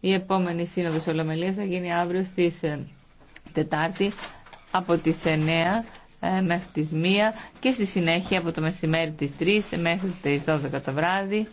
Η επόμενη σύνοδος Ολομελίας θα γίνει αύριο στις ε, Τετάρτη από τις 9 ε, μέχρι τις 1 και στη συνέχεια από το μεσημέρι τις 3 μέχρι τις 12 το βράδυ.